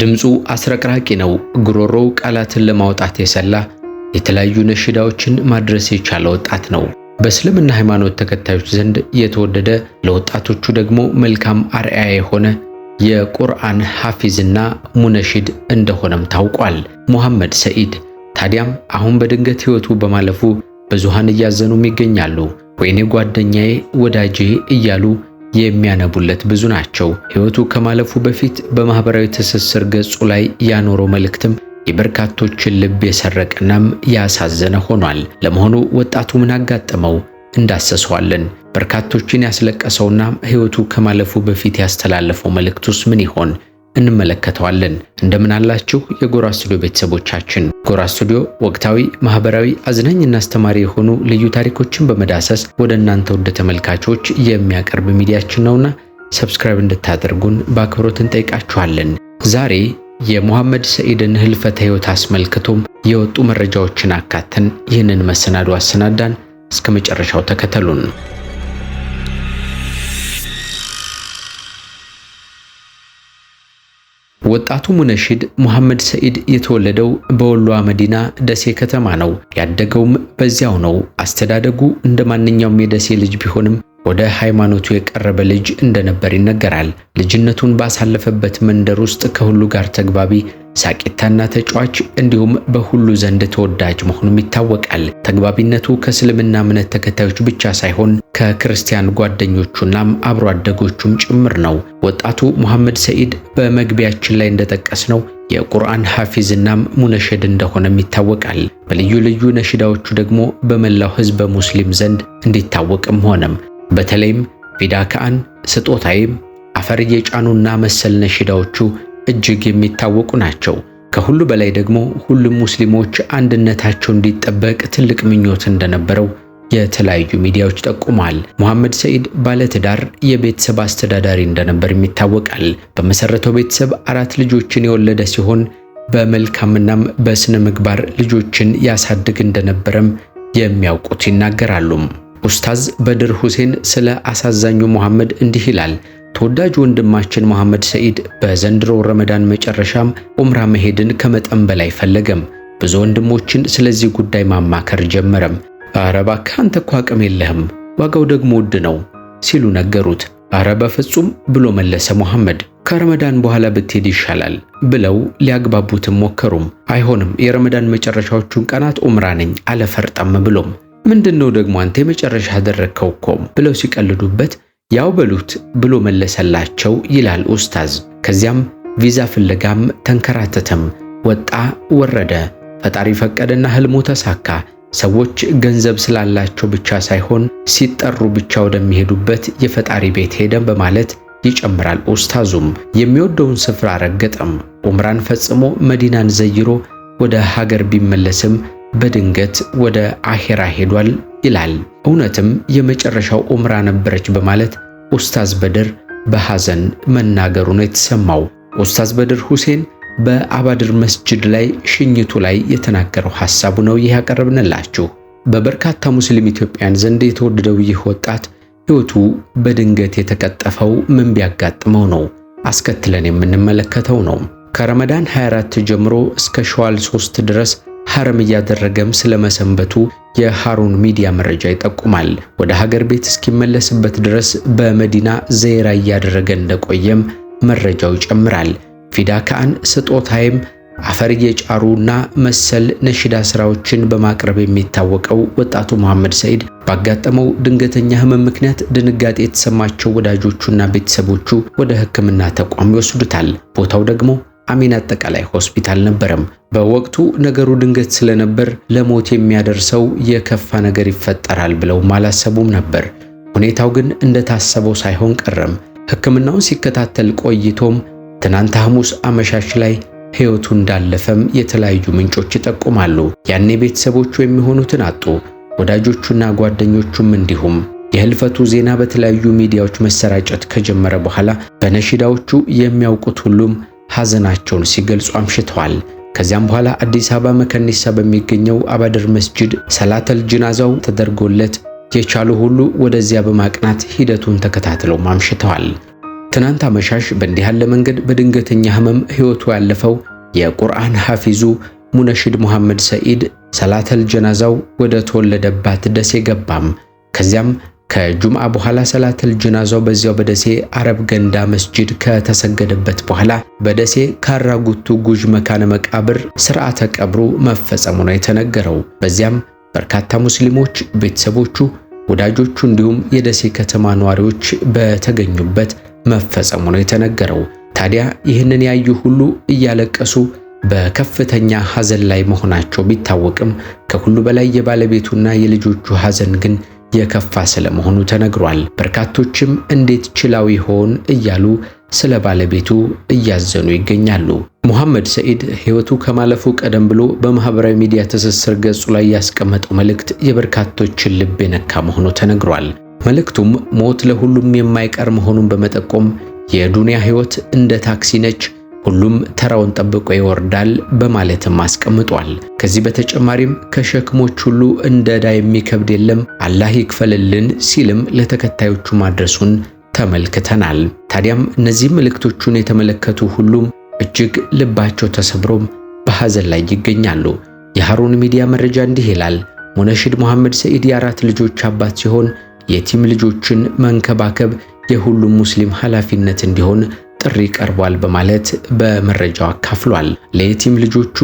ድምፁ አስረቅራቂ ነው። ጉሮሮው ቃላትን ለማውጣት የሰላ የተለያዩ ነሽዳዎችን ማድረስ የቻለ ወጣት ነው። በእስልምና ሃይማኖት ተከታዮች ዘንድ የተወደደ ለወጣቶቹ ደግሞ መልካም አርአያ የሆነ የቁርአን ሐፊዝና ሙነሽድ እንደሆነም ታውቋል። ሙሐመድ ሰኢድ ታዲያም አሁን በድንገት ህይወቱ በማለፉ ብዙሃን እያዘኑም ይገኛሉ። ወይኔ ጓደኛዬ፣ ወዳጄ እያሉ የሚያነቡለት ብዙ ናቸው። ሕይወቱ ከማለፉ በፊት በማህበራዊ ትስስር ገጹ ላይ ያኖረው መልእክትም የበርካቶችን ልብ የሰረቀናም ያሳዘነ ሆኗል። ለመሆኑ ወጣቱ ምን አጋጠመው? እንዳሰሰዋለን። በርካቶችን ያስለቀሰውና ሕይወቱ ከማለፉ በፊት ያስተላለፈው መልእክቱስ ምን ይሆን? እንመለከተዋለን። እንደምን አላችሁ የጎራ ስቱዲዮ ቤተሰቦቻችን። ጎራ ስቱዲዮ ወቅታዊ፣ ማህበራዊ፣ አዝናኝና አስተማሪ የሆኑ ልዩ ታሪኮችን በመዳሰስ ወደ እናንተ ወደ ተመልካቾች የሚያቀርብ ሚዲያችን ነውና ሰብስክራይብ እንድታደርጉን በአክብሮት እንጠይቃችኋለን። ዛሬ የሙሐመድ ሰኢድን ህልፈተ ህይወት አስመልክቶም የወጡ መረጃዎችን አካተን ይህንን መሰናዶ አሰናዳን። እስከ መጨረሻው ተከተሉን። ወጣቱ ሙነሺድ ሙሐመድ ሰኢድ የተወለደው በወሎ መዲና ደሴ ከተማ ነው። ያደገውም በዚያው ነው። አስተዳደጉ እንደ ማንኛውም የደሴ ልጅ ቢሆንም ወደ ሃይማኖቱ የቀረበ ልጅ እንደነበር ይነገራል። ልጅነቱን ባሳለፈበት መንደር ውስጥ ከሁሉ ጋር ተግባቢ ሳቂታና ተጫዋች እንዲሁም በሁሉ ዘንድ ተወዳጅ መሆኑም ይታወቃል። ተግባቢነቱ ከእስልምና እምነት ተከታዮች ብቻ ሳይሆን ከክርስቲያን ጓደኞቹናም አብሮ አደጎቹም ጭምር ነው። ወጣቱ ሙሐመድ ሰዒድ በመግቢያችን ላይ እንደጠቀስነው የቁርአን ሐፊዝናም ሙነሸድ እንደሆነም ይታወቃል። በልዩ ልዩ ነሽዳዎቹ ደግሞ በመላው ሕዝበ ሙስሊም ዘንድ እንዲታወቅም ሆነም በተለይም ፊዳካን፣ ስጦታይም፣ አፈር እየጫኑና መሰል ነሽዳዎቹ እጅግ የሚታወቁ ናቸው። ከሁሉ በላይ ደግሞ ሁሉም ሙስሊሞች አንድነታቸው እንዲጠበቅ ትልቅ ምኞት እንደነበረው የተለያዩ ሚዲያዎች ጠቁሟል። ሙሐመድ ሰኢድ ባለትዳር የቤተሰብ አስተዳዳሪ እንደነበር ይታወቃል። በመሰረተው ቤተሰብ አራት ልጆችን የወለደ ሲሆን በመልካምናም በስነ ምግባር ልጆችን ያሳድግ እንደነበረም የሚያውቁት ይናገራሉ። ኡስታዝ በድር ሁሴን ስለ አሳዛኙ ሙሐመድ እንዲህ ይላል። ተወዳጅ ወንድማችን መሐመድ ሰኢድ በዘንድሮ ረመዳን መጨረሻም ዑምራ መሄድን ከመጠን በላይ ፈለገም። ብዙ ወንድሞችን ስለዚህ ጉዳይ ማማከር ጀመረም። አረ እባክህ አንተ እኮ አቅም የለህም፣ ዋጋው ደግሞ ውድ ነው ሲሉ ነገሩት። አረ በፍጹም ብሎ መለሰ መሐመድ። ከረመዳን በኋላ ብትሄድ ይሻላል ብለው ሊያግባቡትም ሞከሩም። አይሆንም፣ የረመዳን መጨረሻዎቹን ቀናት ዑምራ ነኝ አለፈርጠም ብሎም ምንድነው ደግሞ አንተ የመጨረሻ ያደረግከው እኮም ብለው ሲቀልዱበት ያው በሉት ብሎ መለሰላቸው ይላል ኡስታዝ። ከዚያም ቪዛ ፍለጋም ተንከራተተም፣ ወጣ ወረደ። ፈጣሪ ፈቀደና ህልሙ ተሳካ። ሰዎች ገንዘብ ስላላቸው ብቻ ሳይሆን ሲጠሩ ብቻ ወደሚሄዱበት የፈጣሪ ቤት ሄደ በማለት ይጨምራል ኡስታዙም። የሚወደውን ስፍራ ረገጠም። ኡምራን ፈጽሞ መዲናን ዘይሮ ወደ ሀገር ቢመለስም በድንገት ወደ አሄራ ሄዷል ይላል። እውነትም የመጨረሻው ኡምራ ነበረች በማለት ኡስታዝ በድር በሐዘን መናገሩ ነው የተሰማው። ኡስታዝ በድር ሁሴን በአባድር መስጂድ ላይ ሽኝቱ ላይ የተናገረው ሐሳቡ ነው ይህ ያቀረብንላችሁ። በበርካታ ሙስሊም ኢትዮጵያን ዘንድ የተወደደው ይህ ወጣት ሕይወቱ በድንገት የተቀጠፈው ምን ቢያጋጥመው ነው? አስከትለን የምንመለከተው ነው። ከረመዳን 24 ጀምሮ እስከ ሸዋል 3 ድረስ ሐረም እያደረገም ስለመሰንበቱ የሃሩን ሚዲያ መረጃ ይጠቁማል። ወደ ሀገር ቤት እስኪመለስበት ድረስ በመዲና ዘይራ እያደረገ እንደቆየም መረጃው ይጨምራል። ፊዳ ካህን ስጦታይም አፈር እየጫሩና መሰል ነሽዳ ስራዎችን በማቅረብ የሚታወቀው ወጣቱ መሐመድ ሰይድ ባጋጠመው ድንገተኛ ህመም ምክንያት ድንጋጤ የተሰማቸው ወዳጆቹና ቤተሰቦቹ ወደ ሕክምና ተቋም ይወስዱታል። ቦታው ደግሞ አሚን አጠቃላይ ሆስፒታል ነበረም። በወቅቱ ነገሩ ድንገት ስለነበር ለሞት የሚያደርሰው የከፋ ነገር ይፈጠራል ብለው አላሰቡም ነበር። ሁኔታው ግን እንደታሰበው ሳይሆን ቀረም። ሕክምናውን ሲከታተል ቆይቶም ትናንት ሐሙስ አመሻሽ ላይ ሕይወቱ እንዳለፈም የተለያዩ ምንጮች ይጠቁማሉ። ያኔ ቤተሰቦቹ የሚሆኑትን አጡ፣ ወዳጆቹና ጓደኞቹም እንዲሁም። የህልፈቱ ዜና በተለያዩ ሚዲያዎች መሰራጨት ከጀመረ በኋላ በነሺዳዎቹ የሚያውቁት ሁሉም ሐዘናቸውን ሲገልጹ አምሽተዋል። ከዚያም በኋላ አዲስ አበባ መከኒሳ በሚገኘው አባድር መስጂድ ሰላተል ጅናዛው ተደርጎለት የቻሉ ሁሉ ወደዚያ በማቅናት ሂደቱን ተከታትለው አምሽተዋል። ትናንት አመሻሽ በእንዲህ ያለ መንገድ በድንገተኛ ህመም ህይወቱ ያለፈው የቁርአን ሐፊዙ ሙነሽድ መሐመድ ሰኢድ ሰላተል ጀናዛው ወደ ተወለደባት ደሴ ገባም። ከዚያም ከጁምአ በኋላ ሰላተል ጀናዛው በዚያው በደሴ አረብ ገንዳ መስጂድ ከተሰገደበት በኋላ በደሴ ካራጉቱ ጉዥ መካነ መቃብር ስርዓተ ቀብሩ መፈጸሙ ነው የተነገረው። በዚያም በርካታ ሙስሊሞች፣ ቤተሰቦቹ፣ ወዳጆቹ እንዲሁም የደሴ ከተማ ነዋሪዎች በተገኙበት መፈጸሙ ነው የተነገረው። ታዲያ ይህንን ያዩ ሁሉ እያለቀሱ በከፍተኛ ሐዘን ላይ መሆናቸው ቢታወቅም ከሁሉ በላይ የባለቤቱና የልጆቹ ሐዘን ግን የከፋ ስለመሆኑ ተነግሯል። በርካቶችም እንዴት ችላው ይሆን እያሉ ስለ ባለቤቱ እያዘኑ ይገኛሉ። ሙሐመድ ሰኢድ ሕይወቱ ከማለፉ ቀደም ብሎ በማህበራዊ ሚዲያ ትስስር ገጹ ላይ ያስቀመጠው መልእክት የበርካቶችን ልብ የነካ መሆኑ ተነግሯል። መልእክቱም ሞት ለሁሉም የማይቀር መሆኑን በመጠቆም የዱንያ ሕይወት እንደ ታክሲ ነች ሁሉም ተራውን ጠብቆ ይወርዳል በማለትም አስቀምጧል። ከዚህ በተጨማሪም ከሸክሞች ሁሉ እንደ ዕዳ የሚከብድ የለም አላህ ይክፈልልን ሲልም ለተከታዮቹ ማድረሱን ተመልክተናል። ታዲያም እነዚህ መልእክቶቹን የተመለከቱ ሁሉም እጅግ ልባቸው ተሰብሮም በሐዘን ላይ ይገኛሉ። የሐሩን ሚዲያ መረጃ እንዲህ ይላል። ሙነሽድ መሐመድ ሰኢድ የአራት ልጆች አባት ሲሆን የቲም ልጆችን መንከባከብ የሁሉም ሙስሊም ኃላፊነት እንዲሆን ጥሪ ቀርቧል በማለት በመረጃው አካፍሏል። ለየቲም ልጆቹ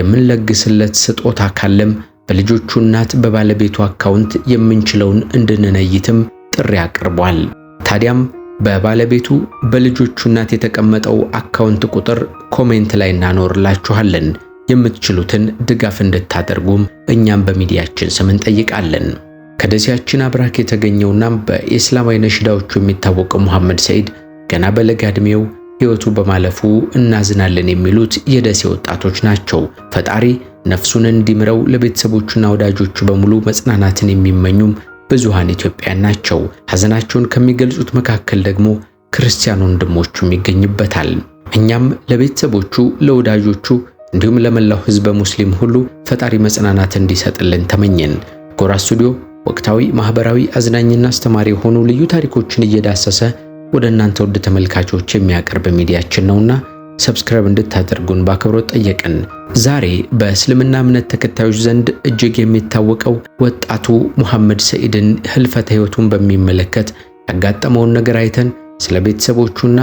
የምንለግስለት ስጦታ ካለም በልጆቹ እናት በባለቤቱ አካውንት የምንችለውን እንድንነይትም ጥሪ አቅርቧል። ታዲያም በባለቤቱ በልጆቹ እናት የተቀመጠው አካውንት ቁጥር ኮሜንት ላይ እናኖርላችኋለን። የምትችሉትን ድጋፍ እንድታደርጉም እኛም በሚዲያችን ስም እንጠይቃለን። ከደሴያችን አብራክ የተገኘውና በኢስላማዊ ነሽዳዎቹ የሚታወቀው መሐመድ ሰይድ ገና በለጋ ዕድሜው ሕይወቱ በማለፉ እናዝናለን የሚሉት የደሴ ወጣቶች ናቸው። ፈጣሪ ነፍሱን እንዲምረው ለቤተሰቦቹና ወዳጆቹ በሙሉ መጽናናትን የሚመኙም ብዙሃን ኢትዮጵያን ናቸው። ሐዘናቸውን ከሚገልጹት መካከል ደግሞ ክርስቲያን ወንድሞቹም ይገኝበታል። እኛም ለቤተሰቦቹ፣ ለወዳጆቹ እንዲሁም ለመላው ሕዝበ ሙስሊም ሁሉ ፈጣሪ መጽናናት እንዲሰጥልን ተመኘን። ጎራ ስቱዲዮ ወቅታዊ፣ ማህበራዊ፣ አዝናኝና አስተማሪ የሆኑ ልዩ ታሪኮችን እየዳሰሰ ወደ እናንተ ውድ ተመልካቾች የሚያቀርብ ሚዲያችን ነውና ሰብስክራይብ እንድታደርጉን በአክብሮት ጠየቅን። ዛሬ በእስልምና እምነት ተከታዮች ዘንድ እጅግ የሚታወቀው ወጣቱ ሙሐመድ ሰኢድን ህልፈተ ህይወቱን በሚመለከት ያጋጠመውን ነገር አይተን ስለ ቤተሰቦቹና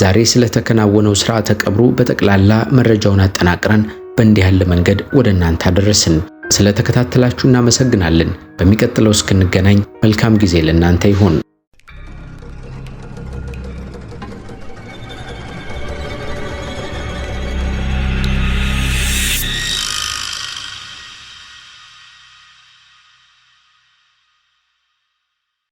ዛሬ ስለተከናወነው ስርዓተ ቀብሩ በጠቅላላ መረጃውን አጠናቅረን በእንዲህ ያለ መንገድ ወደ እናንተ አደረስን። ስለተከታተላችሁ እናመሰግናለን። በሚቀጥለው እስክንገናኝ መልካም ጊዜ ለእናንተ ይሁን።